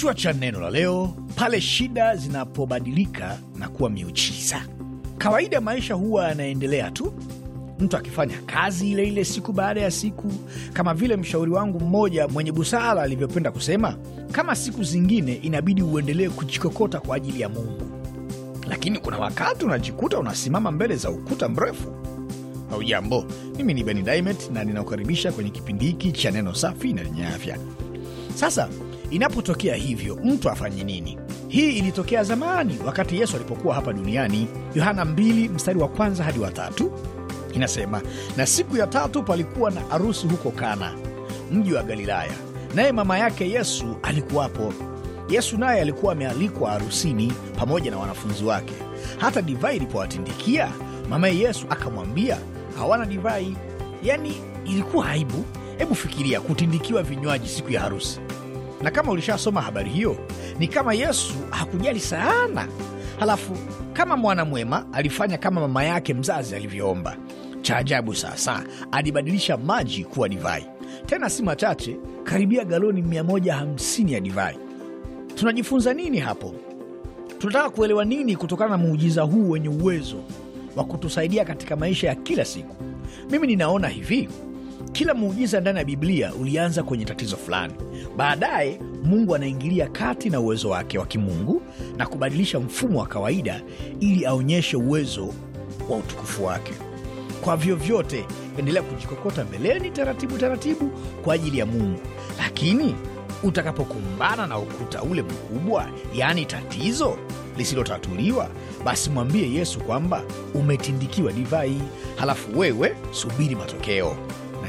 Kichwa cha neno la leo: pale shida zinapobadilika na kuwa miujiza. Kawaida maisha huwa yanaendelea tu, mtu akifanya kazi ile ile siku baada ya siku, kama vile mshauri wangu mmoja mwenye busara alivyopenda kusema, kama siku zingine inabidi uendelee kujikokota kwa ajili ya Mungu. Lakini kuna wakati unajikuta unasimama mbele za ukuta mrefu. Haujambo, mimi ni Beni na ninakukaribisha kwenye kipindi hiki cha neno safi na lenye afya. Sasa Inapotokea hivyo, mtu afanye nini? Hii ilitokea zamani wakati Yesu alipokuwa hapa duniani. Yohana 2 mstari wa kwanza hadi wa tatu inasema, na siku ya tatu palikuwa na arusi huko Kana, mji wa Galilaya, naye mama yake Yesu alikuwapo. Yesu naye alikuwa amealikwa harusini pamoja na wanafunzi wake. Hata divai ilipowatindikia, mamaye Yesu akamwambia, hawana divai. yani ilikuwa aibu. Hebu fikiria kutindikiwa vinywaji siku ya harusi na kama ulishasoma habari hiyo, ni kama Yesu hakujali sana. Halafu kama mwana mwema alifanya kama mama yake mzazi alivyoomba. Cha ajabu sasa, alibadilisha maji kuwa divai, tena si machache, karibia galoni 150 ya divai. Tunajifunza nini hapo? Tunataka kuelewa nini kutokana na muujiza huu wenye uwezo wa kutusaidia katika maisha ya kila siku? Mimi ninaona hivi kila muujiza ndani ya Biblia ulianza kwenye tatizo fulani. Baadaye Mungu anaingilia kati na uwezo wake wa kimungu na kubadilisha mfumo wa kawaida ili aonyeshe uwezo wa utukufu wake. Kwa vyovyote, endelea kujikokota mbeleni taratibu taratibu kwa ajili ya Mungu, lakini utakapokumbana na ukuta ule mkubwa, yaani tatizo lisilotatuliwa, basi mwambie Yesu kwamba umetindikiwa divai, halafu wewe subiri matokeo